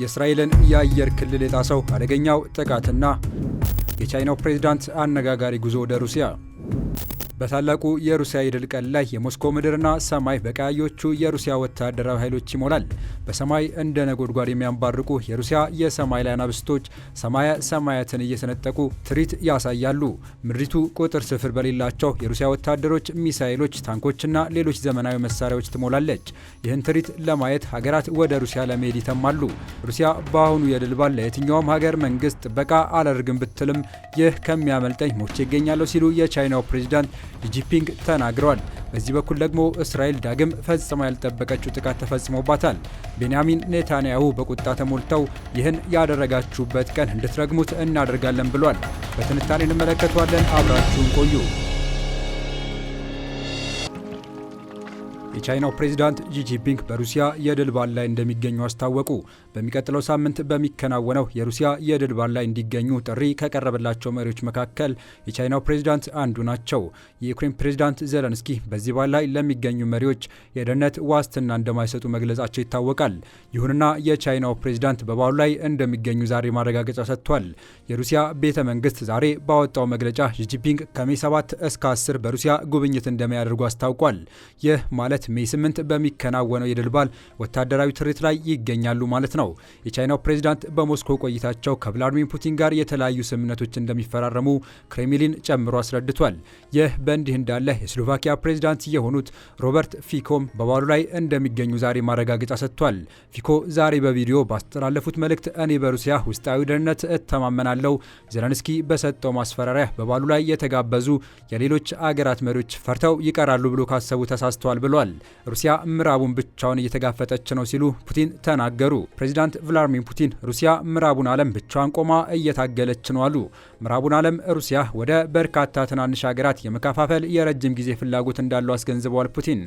የእስራኤልን የአየር ክልል የጣሰው አደገኛው ጥቃትና የቻይናው ፕሬዝዳንት አነጋጋሪ ጉዞ ወደ ሩሲያ በታላቁ የሩሲያ የድል ቀን ላይ የሞስኮ ምድርና ሰማይ በቀያዮቹ የሩሲያ ወታደራዊ ኃይሎች ይሞላል። በሰማይ እንደ ነጎድጓድ የሚያንባርቁ የሩሲያ የሰማይ ላይ አናብስቶች ሰማያ ሰማያትን እየሰነጠቁ ትርኢት ያሳያሉ። ምድሪቱ ቁጥር ስፍር በሌላቸው የሩሲያ ወታደሮች፣ ሚሳይሎች፣ ታንኮችና ሌሎች ዘመናዊ መሳሪያዎች ትሞላለች። ይህን ትርኢት ለማየት ሀገራት ወደ ሩሲያ ለመሄድ ይተማሉ። ሩሲያ በአሁኑ የድል ለየትኛውም ሀገር መንግስት ጥበቃ አላደርግም ብትልም ይህ ከሚያመልጠኝ ሞቼ ይገኛለሁ ሲሉ የቻይናው ፕሬዚዳንት ጂፒንግ ተናግረዋል። በዚህ በኩል ደግሞ እስራኤል ዳግም ፈጽማ ያልጠበቀችው ጥቃት ተፈጽሞባታል። ቤንያሚን ኔታንያሁ በቁጣ ተሞልተው ይህን ያደረጋችሁበት ቀን እንድትረግሙት እናደርጋለን ብሏል። በትንታኔ እንመለከተዋለን። አብራችሁን ቆዩ። የቻይናው ፕሬዚዳንት ጂጂፒንግ በሩሲያ የድል በዓል ላይ እንደሚገኙ አስታወቁ። በሚቀጥለው ሳምንት በሚከናወነው የሩሲያ የድል በዓል ላይ እንዲገኙ ጥሪ ከቀረበላቸው መሪዎች መካከል የቻይናው ፕሬዚዳንት አንዱ ናቸው። የዩክሬን ፕሬዚዳንት ዘለንስኪ በዚህ በዓል ላይ ለሚገኙ መሪዎች የደህንነት ዋስትና እንደማይሰጡ መግለጻቸው ይታወቃል። ይሁንና የቻይናው ፕሬዚዳንት በበዓሉ ላይ እንደሚገኙ ዛሬ ማረጋገጫ ሰጥቷል። የሩሲያ ቤተ መንግስት ዛሬ ባወጣው መግለጫ ጂጂፒንግ ከሜ 7 እስከ 10 በሩሲያ ጉብኝት እንደሚያደርጉ አስታውቋል። ይህ ማለት ሜይ 8 በሚከናወነው የድል በዓል ወታደራዊ ትርኢት ላይ ይገኛሉ ማለት ነው። የቻይናው ፕሬዚዳንት በሞስኮ ቆይታቸው ከቭላዲሚር ፑቲን ጋር የተለያዩ ስምምነቶች እንደሚፈራረሙ ክሬምሊን ጨምሮ አስረድቷል። ይህ በእንዲህ እንዳለ የስሎቫኪያ ፕሬዚዳንት የሆኑት ሮበርት ፊኮም በበዓሉ ላይ እንደሚገኙ ዛሬ ማረጋገጫ ሰጥቷል። ፊኮ ዛሬ በቪዲዮ ባስተላለፉት መልእክት እኔ በሩሲያ ውስጣዊ ደህንነት እተማመናለሁ። ዘለንስኪ በሰጠው ማስፈራሪያ በበዓሉ ላይ የተጋበዙ የሌሎች አገራት መሪዎች ፈርተው ይቀራሉ ብሎ ካሰቡ ተሳስተዋል ብሏል። ሩሲያ ምዕራቡን ብቻውን እየተጋፈጠች ነው ሲሉ ፑቲን ተናገሩ። ፕሬዚዳንት ቭላድሚር ፑቲን ሩሲያ ምዕራቡን ዓለም ብቻዋን ቆማ እየታገለች ነው አሉ። ምዕራቡን ዓለም ሩሲያ ወደ በርካታ ትናንሽ ሀገራት የመከፋፈል የረጅም ጊዜ ፍላጎት እንዳለው አስገንዝበዋል ፑቲን።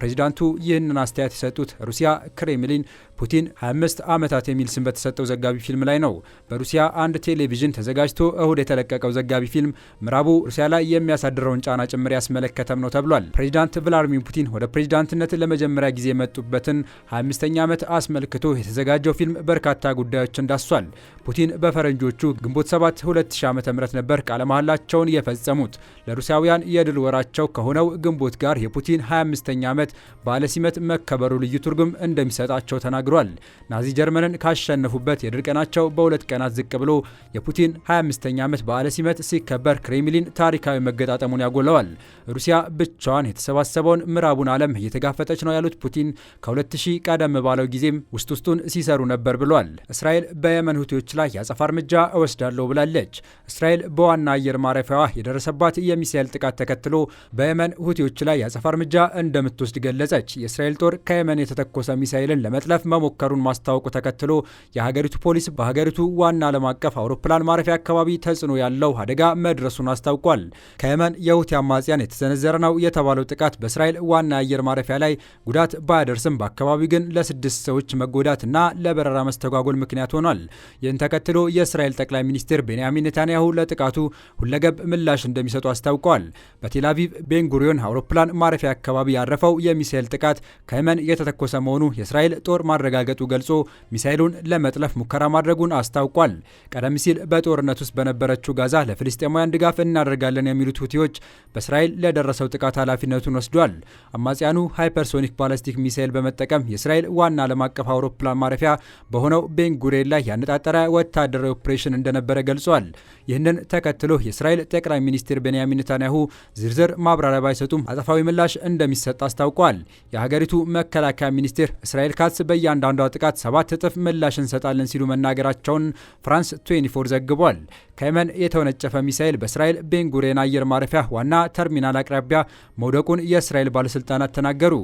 ፕሬዚዳንቱ ይህንን አስተያየት የሰጡት ሩሲያ ክሬምሊን ፑቲን 25 ዓመታት የሚል ስም በተሰጠው ዘጋቢ ፊልም ላይ ነው። በሩሲያ አንድ ቴሌቪዥን ተዘጋጅቶ እሁድ የተለቀቀው ዘጋቢ ፊልም ምዕራቡ ሩሲያ ላይ የሚያሳድረውን ጫና ጭምር ያስመለከተም ነው ተብሏል። ፕሬዚዳንት ቭላዲሚር ፑቲን ወደ ፕሬዚዳንትነት ለመጀመሪያ ጊዜ የመጡበትን 25ኛ ዓመት አስመልክቶ የተዘጋጀው ፊልም በርካታ ጉዳዮችን ዳስሷል። ፑቲን በፈረንጆቹ ግንቦት 7 ዓመተ ምህረት ነበር ቃለ መሐላቸውን የፈጸሙት። ለሩሲያውያን የድል ወራቸው ከሆነው ግንቦት ጋር የፑቲን 25ኛ ዓመት በዓለ ሲመት መከበሩ ልዩ ትርጉም እንደሚሰጣቸው ተናግሯል። ናዚ ጀርመንን ካሸነፉበት የድል ቀናቸው በሁለት ቀናት ዝቅ ብሎ የፑቲን 25ኛ ዓመት በዓለ ሲመት ሲከበር ክሬምሊን ታሪካዊ መገጣጠሙን ያጎለዋል። ሩሲያ ብቻዋን የተሰባሰበውን ምዕራቡን ዓለም እየተጋፈጠች ነው ያሉት ፑቲን ከ2000 ቀደም ባለው ጊዜም ውስጥ ውስጡን ሲሰሩ ነበር ብሏል። እስራኤል በየመን ሁቲዎች ላይ የአጸፋ እርምጃ እወስዳለሁ ብላለች። እስራኤል በዋና አየር ማረፊያዋ የደረሰባት የሚሳኤል ጥቃት ተከትሎ በየመን ሁቲዎች ላይ የአጸፋ እርምጃ እንደምትወስድ ገለጸች። የእስራኤል ጦር ከየመን የተተኮሰ ሚሳኤልን ለመጥለፍ መሞከሩን ማስታወቁ ተከትሎ የሀገሪቱ ፖሊስ በሀገሪቱ ዋና ዓለም አቀፍ አውሮፕላን ማረፊያ አካባቢ ተጽዕኖ ያለው አደጋ መድረሱን አስታውቋል። ከየመን የሁቲ አማጽያን የተሰነዘረ ነው የተባለው ጥቃት በእስራኤል ዋና አየር ማረፊያ ላይ ጉዳት ባያደርስም በአካባቢው ግን ለስድስት ሰዎች መጎዳትና ለበረራ መስተጓጎል ምክንያት ሆኗል። ይህን ተከትሎ የእስራኤል ጠቅላይ ሚኒስትር ቤንያሚን ኔታንያ ኔታንያሁ ለጥቃቱ ሁለገብ ምላሽ እንደሚሰጡ አስታውቀዋል። በቴልአቪቭ ቤንጉሪዮን አውሮፕላን ማረፊያ አካባቢ ያረፈው የሚሳኤል ጥቃት ከየመን የተተኮሰ መሆኑ የእስራኤል ጦር ማረጋገጡ ገልጾ ሚሳኤሉን ለመጥለፍ ሙከራ ማድረጉን አስታውቋል። ቀደም ሲል በጦርነት ውስጥ በነበረችው ጋዛ ለፍልስጤማውያን ድጋፍ እናደርጋለን የሚሉት ሁቲዎች በእስራኤል ለደረሰው ጥቃት ኃላፊነቱን ወስዷል። አማጽያኑ ሃይፐርሶኒክ ባላስቲክ ሚሳኤል በመጠቀም የእስራኤል ዋና ዓለም አቀፍ አውሮፕላን ማረፊያ በሆነው ቤንጉሬን ላይ ያነጣጠረ ወታደራዊ ኦፕሬሽን እንደነበረ ገልጿል። ይህንን ተከትሎ የእስራኤል ጠቅላይ ሚኒስትር ቤንያሚን ኔታንያሁ ዝርዝር ማብራሪያ ባይሰጡም አጸፋዊ ምላሽ እንደሚሰጥ አስታውቋል። የሀገሪቱ መከላከያ ሚኒስቴር እስራኤል ካትስ በእያንዳንዷ ጥቃት ሰባት እጥፍ ምላሽ እንሰጣለን ሲሉ መናገራቸውን ፍራንስ 24 ዘግቧል። ከየመን የተወነጨፈ ሚሳኤል በእስራኤል ቤንጉሬን አየር ማረፊያ ዋና ተርሚናል አቅራቢያ መውደቁን የእስራኤል ባለስልጣናት ተናገሩ።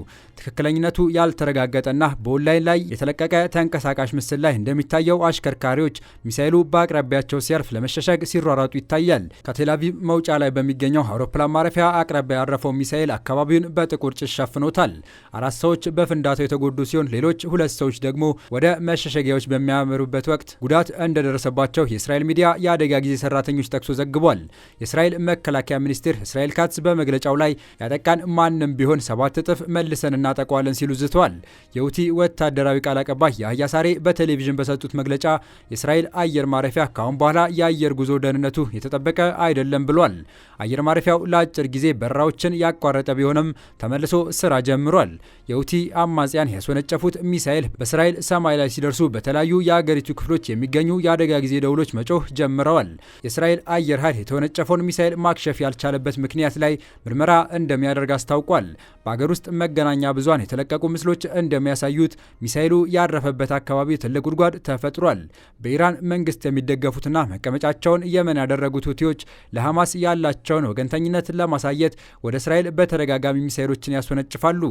ትክክለኝነቱ ያልተረጋገጠና በኦንላይን ላይ የተለቀቀ ተንቀሳቃሽ ምስል ላይ እንደሚታየው አሽከርካሪዎች ሚሳኤሉ በአቅራቢያቸው ሲያልፍ ለመሸሸግ ሲሯራጡ ይታያል። ከቴላቪቭ መውጫ ላይ በሚገኘው አውሮፕላን ማረፊያ አቅራቢያ ያረፈው ሚሳኤል አካባቢውን በጥቁር ጭስ ሸፍኖታል። አራት ሰዎች በፍንዳታው የተጎዱ ሲሆን ሌሎች ሁለት ሰዎች ደግሞ ወደ መሸሸጊያዎች በሚያመሩበት ወቅት ጉዳት እንደደረሰባቸው የእስራኤል ሚዲያ የአደጋ ጊዜ ሰራተኞች ጠቅሶ ዘግቧል። የእስራኤል መከላከያ ሚኒስትር እስራኤል ካትስ በመግለጫው ላይ ያጠቃን ማንም ቢሆን ሰባት እጥፍ መልሰን እናጠቋለን ሲሉ ዝተዋል። የሁቲ ወታደራዊ ቃል አቀባይ ያህያ ሳሬ በቴሌቪዥን በሰጡት መግለጫ የእስራኤል አየር ማረፊያ ከአሁን በኋላ የአየር ጉዞ ደህንነቱ የተጠበቀ አይደለም ብሏል። አየር ማረፊያው ለአጭር ጊዜ በረራዎችን ያቋረጠ ቢሆንም ተመልሶ ስራ ጀምሯል። የሁቲ አማጽያን ያስወነጨፉት ሚሳኤል በእስራኤል ሰማይ ላይ ሲደርሱ በተለያዩ የአገሪቱ ክፍሎች የሚገኙ የአደጋ ጊዜ ደውሎች መጮህ ጀምረዋል። የእስራኤል አየር ኃይል የተወነጨፈውን ሚሳኤል ማክሸፍ ያልቻለበት ምክንያት ላይ ምርመራ እንደሚያደርግ አስታውቋል። በአገር ውስጥ መገናኛ ብዙሃን የተለቀቁ ምስሎች እንደሚያሳዩት ሚሳኤሉ ያረፈበት አካባቢ ትልቅ ጉድጓድ ተፈጥሯል። በኢራን መንግስት የሚደገፉትና መቀመጫቸውን የመን ያደረጉት ሁቲዎች ለሐማስ ያላቸውን ወገንተኝነት ለማሳየት ወደ እስራኤል በተደጋጋሚ ሚሳይሎችን ያስወነጭፋሉ።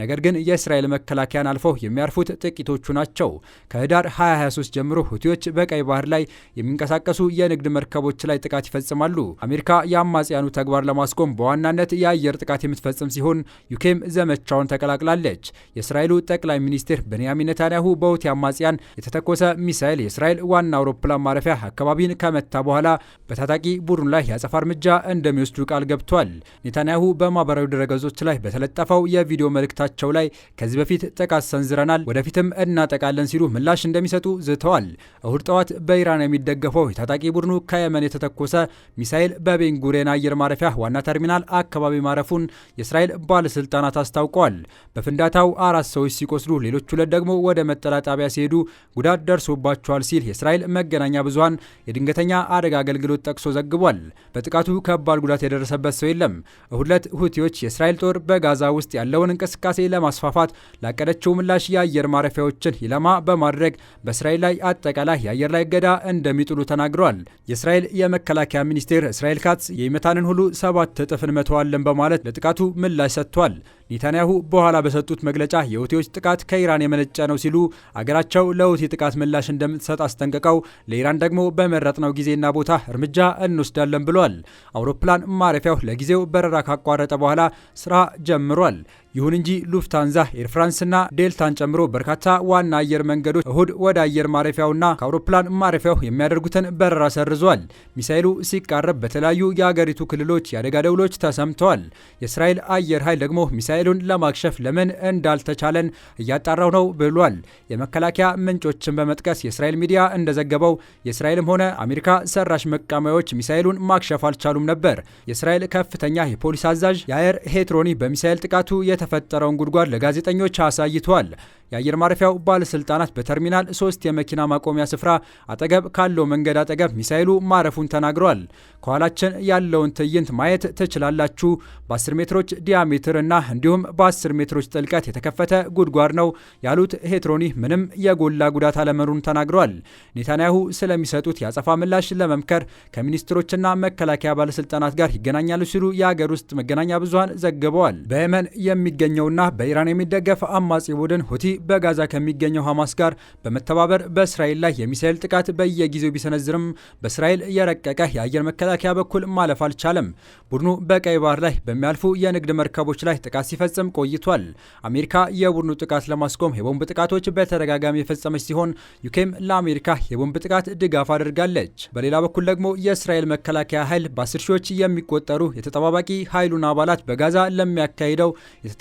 ነገር ግን የእስራኤል መከላከያን አልፈው የሚያርፉት ጥቂቶቹ ናቸው። ከህዳር 2023 ጀምሮ ሁቲዎች በቀይ ባህር ላይ የሚንቀሳቀሱ የንግድ መርከቦች ላይ ጥቃት ይፈጽማሉ። አሜሪካ የአማጽያኑ ተግባር ለማስቆም በዋናነት የአየር ጥቃት የምትፈጽም ሲሆን ዩኬም ዘመቻውን ተቀላቅላለች። የእስራኤሉ ጠቅላይ ሚኒስትር ቤንያሚን ኔታንያሁ በሁቲ አማጽያን የተተኮሰ ሚሳይል የእስራኤል ዋና አውሮፕላን ማረፊያ አካባቢን ከመታ በኋላ በኋላ በታጣቂ ቡድኑ ላይ የአጸፋ እርምጃ እንደሚወስዱ ቃል ገብቷል። ኔታንያሁ በማህበራዊ ድረገጾች ላይ በተለጠፈው የቪዲዮ መልእክታቸው ላይ ከዚህ በፊት ጥቃት ሰንዝረናል፣ ወደፊትም እናጠቃለን ሲሉ ምላሽ እንደሚሰጡ ዝተዋል። እሁድ ጠዋት በኢራን የሚደገፈው የታጣቂ ቡድኑ ከየመን የተተኮሰ ሚሳኤል በቤንጉሬን አየር ማረፊያ ዋና ተርሚናል አካባቢ ማረፉን የእስራኤል ባለስልጣናት አስታውቀዋል። በፍንዳታው አራት ሰዎች ሲቆስሉ ሌሎች ሁለት ደግሞ ወደ መጠላ ጣቢያ ሲሄዱ ጉዳት ደርሶባቸዋል ሲል የእስራኤል መገናኛ ብዙሃን የድንገተኛ አደጋ አገልግሎት ጠቅሶ ዘግቧል። በጥቃቱ ከባድ ጉዳት የደረሰበት ሰው የለም። እሁድ ዕለት ሁቲዎች የእስራኤል ጦር በጋዛ ውስጥ ያለውን እንቅስቃሴ ለማስፋፋት ላቀደችው ምላሽ የአየር ማረፊያዎችን ኢላማ በማድረግ በእስራኤል ላይ አጠቃላይ የአየር ላይ እገዳ እንደሚጥሉ ተናግረዋል። የእስራኤል የመከላከያ ሚኒስቴር እስራኤል ካትስ የይመታንን ሁሉ ሰባት እጥፍ እንመተዋለን በማለት ለጥቃቱ ምላሽ ሰጥቷል። ኔታንያሁ በኋላ በሰጡት መግለጫ የሁቲዎች ጥቃት ከኢራን የመነጨ ነው ሲሉ አገራቸው ለሁቲ ጥቃት ምላሽ እንደምትሰጥ አስጠንቅቀው ለኢራን ደግሞ በመረጥነው ጊዜና ቦታ እርምጃ እንወስዳለን ብሏል። አውሮፕላን ማረፊያው ለጊዜው በረራ ካቋረጠ በኋላ ስራ ጀምሯል። ይሁን እንጂ ሉፍታንዛ ኤር ፍራንስና ዴልታን ጨምሮ በርካታ ዋና አየር መንገዶች እሁድ ወደ አየር ማረፊያውና ከአውሮፕላን ማረፊያው የሚያደርጉትን በረራ ሰርዟል። ሚሳይሉ ሲቃረብ በተለያዩ የአገሪቱ ክልሎች የአደጋ ደውሎች ተሰምተዋል። የእስራኤል አየር ኃይል ደግሞ ሚሳይሉን ለማክሸፍ ለምን እንዳልተቻለን እያጣራው ነው ብሏል። የመከላከያ ምንጮችን በመጥቀስ የእስራኤል ሚዲያ እንደዘገበው የእስራኤልም ሆነ አሜሪካ ሰራሽ መቃወሚያዎች ሚሳይሉን ማክሸፍ አልቻሉም ነበር። የእስራኤል ከፍተኛ የፖሊስ አዛዥ የአየር ሄትሮኒ በሚሳይል ጥቃቱ የተ የተፈጠረውን ጉድጓድ ለጋዜጠኞች አሳይቷል። የአየር ማረፊያው ባለስልጣናት በተርሚናል ሶስት የመኪና ማቆሚያ ስፍራ አጠገብ ካለው መንገድ አጠገብ ሚሳይሉ ማረፉን ተናግሯል። ከኋላችን ያለውን ትዕይንት ማየት ትችላላችሁ። በ10 ሜትሮች ዲያሜትር እና እንዲሁም በ10 ሜትሮች ጥልቀት የተከፈተ ጉድጓድ ነው ያሉት ሄትሮኒ ምንም የጎላ ጉዳት አለመኖሩን ተናግሯል። ኔታንያሁ ስለሚሰጡት የአጸፋ ምላሽ ለመምከር ከሚኒስትሮችና መከላከያ ባለስልጣናት ጋር ይገናኛሉ ሲሉ የአገር ውስጥ መገናኛ ብዙሃን ዘግበዋል። በየመን የሚ የሚገኘውና በኢራን የሚደገፍ አማጺ ቡድን ሁቲ በጋዛ ከሚገኘው ሐማስ ጋር በመተባበር በእስራኤል ላይ የሚሳኤል ጥቃት በየጊዜው ቢሰነዝርም በእስራኤል የረቀቀ የአየር መከላከያ በኩል ማለፍ አልቻለም። ቡድኑ በቀይ ባህር ላይ በሚያልፉ የንግድ መርከቦች ላይ ጥቃት ሲፈጽም ቆይቷል። አሜሪካ የቡድኑ ጥቃት ለማስቆም የቦምብ ጥቃቶች በተደጋጋሚ የፈጸመች ሲሆን ዩኬም ለአሜሪካ የቦምብ ጥቃት ድጋፍ አድርጋለች። በሌላ በኩል ደግሞ የእስራኤል መከላከያ ኃይል በአስር ሺዎች የሚቆጠሩ የተጠባባቂ ኃይሉን አባላት በጋዛ ለሚያካሂደው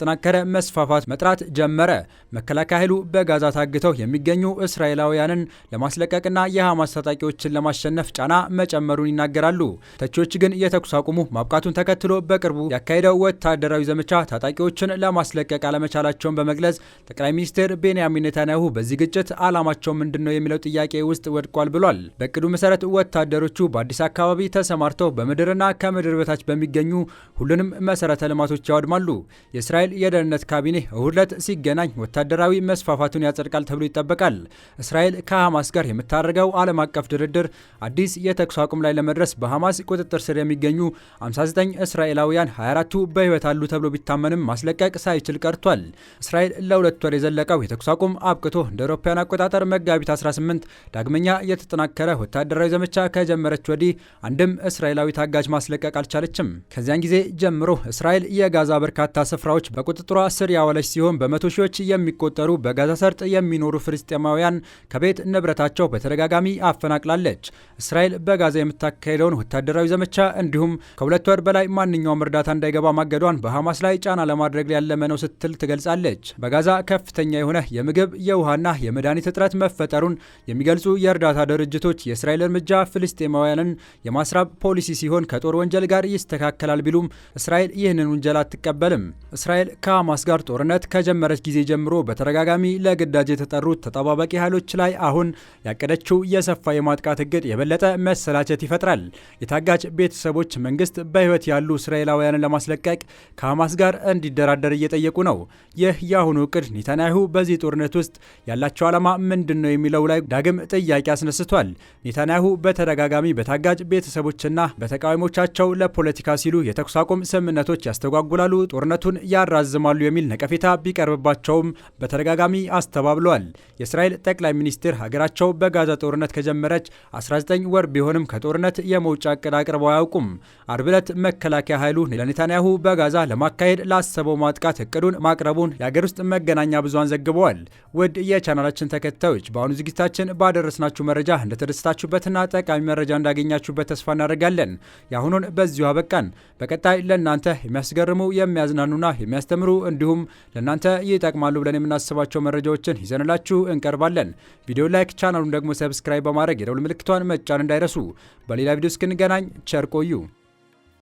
እየተጠናከረ መስፋፋት መጥራት ጀመረ። መከላከያ ኃይሉ በጋዛ ታግተው የሚገኙ እስራኤላውያንን ለማስለቀቅና የሐማስ ታጣቂዎችን ለማሸነፍ ጫና መጨመሩን ይናገራሉ። ተቺዎች ግን የተኩስ አቁሙ ማብቃቱን ተከትሎ በቅርቡ ያካሄደው ወታደራዊ ዘመቻ ታጣቂዎችን ለማስለቀቅ አለመቻላቸውን በመግለጽ ጠቅላይ ሚኒስትር ቤንያሚን ኔታንያሁ በዚህ ግጭት ዓላማቸው ምንድን ነው የሚለው ጥያቄ ውስጥ ወድቋል ብሏል። በእቅዱ መሰረት ወታደሮቹ በአዲስ አካባቢ ተሰማርተው በምድርና ከምድር በታች በሚገኙ ሁሉንም መሰረተ ልማቶች ያወድማሉ። የእስራኤል የእስራኤል የደህንነት ካቢኔ እሁድ ዕለት ሲገናኝ ወታደራዊ መስፋፋቱን ያጸድቃል ተብሎ ይጠበቃል። እስራኤል ከሐማስ ጋር የምታደርገው ዓለም አቀፍ ድርድር አዲስ የተኩስ አቁም ላይ ለመድረስ በሐማስ ቁጥጥር ስር የሚገኙ 59 እስራኤላውያን 24ቱ በሕይወት አሉ ተብሎ ቢታመንም ማስለቀቅ ሳይችል ቀርቷል። እስራኤል ለሁለት ወር የዘለቀው የተኩስ አቁም አብቅቶ እንደ አውሮፓውያን አቆጣጠር መጋቢት 18 ዳግመኛ የተጠናከረ ወታደራዊ ዘመቻ ከጀመረች ወዲህ አንድም እስራኤላዊ ታጋጅ ማስለቀቅ አልቻለችም። ከዚያን ጊዜ ጀምሮ እስራኤል የጋዛ በርካታ ስፍራዎች በቁጥጥሯ ስር ያዋለች ሲሆን በመቶ ሺዎች የሚቆጠሩ በጋዛ ሰርጥ የሚኖሩ ፍልስጤማውያን ከቤት ንብረታቸው በተደጋጋሚ አፈናቅላለች። እስራኤል በጋዛ የምታካሄደውን ወታደራዊ ዘመቻ እንዲሁም ከሁለት ወር በላይ ማንኛውም እርዳታ እንዳይገባ ማገዷን በሐማስ ላይ ጫና ለማድረግ ያለመ ነው ስትል ትገልጻለች። በጋዛ ከፍተኛ የሆነ የምግብ የውሃና የመድኃኒት እጥረት መፈጠሩን የሚገልጹ የእርዳታ ድርጅቶች የእስራኤል እርምጃ ፍልስጤማውያንን የማስራብ ፖሊሲ ሲሆን ከጦር ወንጀል ጋር ይስተካከላል ቢሉም እስራኤል ይህንን ወንጀል አትቀበልም። እስራኤል እስራኤል ከሐማስ ጋር ጦርነት ከጀመረች ጊዜ ጀምሮ በተደጋጋሚ ለግዳጅ የተጠሩት ተጠባባቂ ኃይሎች ላይ አሁን ያቀደችው የሰፋ የማጥቃት እቅድ የበለጠ መሰላቸት ይፈጥራል። የታጋች ቤተሰቦች መንግስት በሕይወት ያሉ እስራኤላውያንን ለማስለቀቅ ከሐማስ ጋር እንዲደራደር እየጠየቁ ነው። ይህ የአሁኑ እቅድ ኔታንያሁ በዚህ ጦርነት ውስጥ ያላቸው ዓላማ ምንድን ነው የሚለው ላይ ዳግም ጥያቄ አስነስቷል። ኔታንያሁ በተደጋጋሚ በታጋጅ ቤተሰቦችና በተቃዋሚዎቻቸው ለፖለቲካ ሲሉ የተኩስ አቁም ስምምነቶች ያስተጓጉላሉ፣ ጦርነቱን ያራ ያራዝማሉ የሚል ነቀፌታ ቢቀርብባቸውም በተደጋጋሚ አስተባብለዋል። የእስራኤል ጠቅላይ ሚኒስትር ሀገራቸው በጋዛ ጦርነት ከጀመረች 19 ወር ቢሆንም ከጦርነት የመውጫ እቅድ አቅርበው አያውቁም። አርብ ዕለት መከላከያ ኃይሉ ለኔታንያሁ በጋዛ ለማካሄድ ላሰበው ማጥቃት እቅዱን ማቅረቡን የአገር ውስጥ መገናኛ ብዙሃን ዘግበዋል። ውድ የቻናላችን ተከታዮች በአሁኑ ዝግጅታችን ባደረስናችሁ መረጃ እንደተደስታችሁበትና ጠቃሚ መረጃ እንዳገኛችሁበት ተስፋ እናደርጋለን። የአሁኑን በዚሁ አበቃን። በቀጣይ ለእናንተ የሚያስገርሙ የሚያዝናኑና የሚያስ የሚያስተምሩ እንዲሁም ለእናንተ ይጠቅማሉ ብለን የምናስባቸው መረጃዎችን ይዘንላችሁ እንቀርባለን። ቪዲዮ ላይክ፣ ቻናሉን ደግሞ ሰብስክራይብ በማድረግ የደውል ምልክቷን መጫን እንዳይረሱ። በሌላ ቪዲዮ እስክንገናኝ ቸር ቆዩ።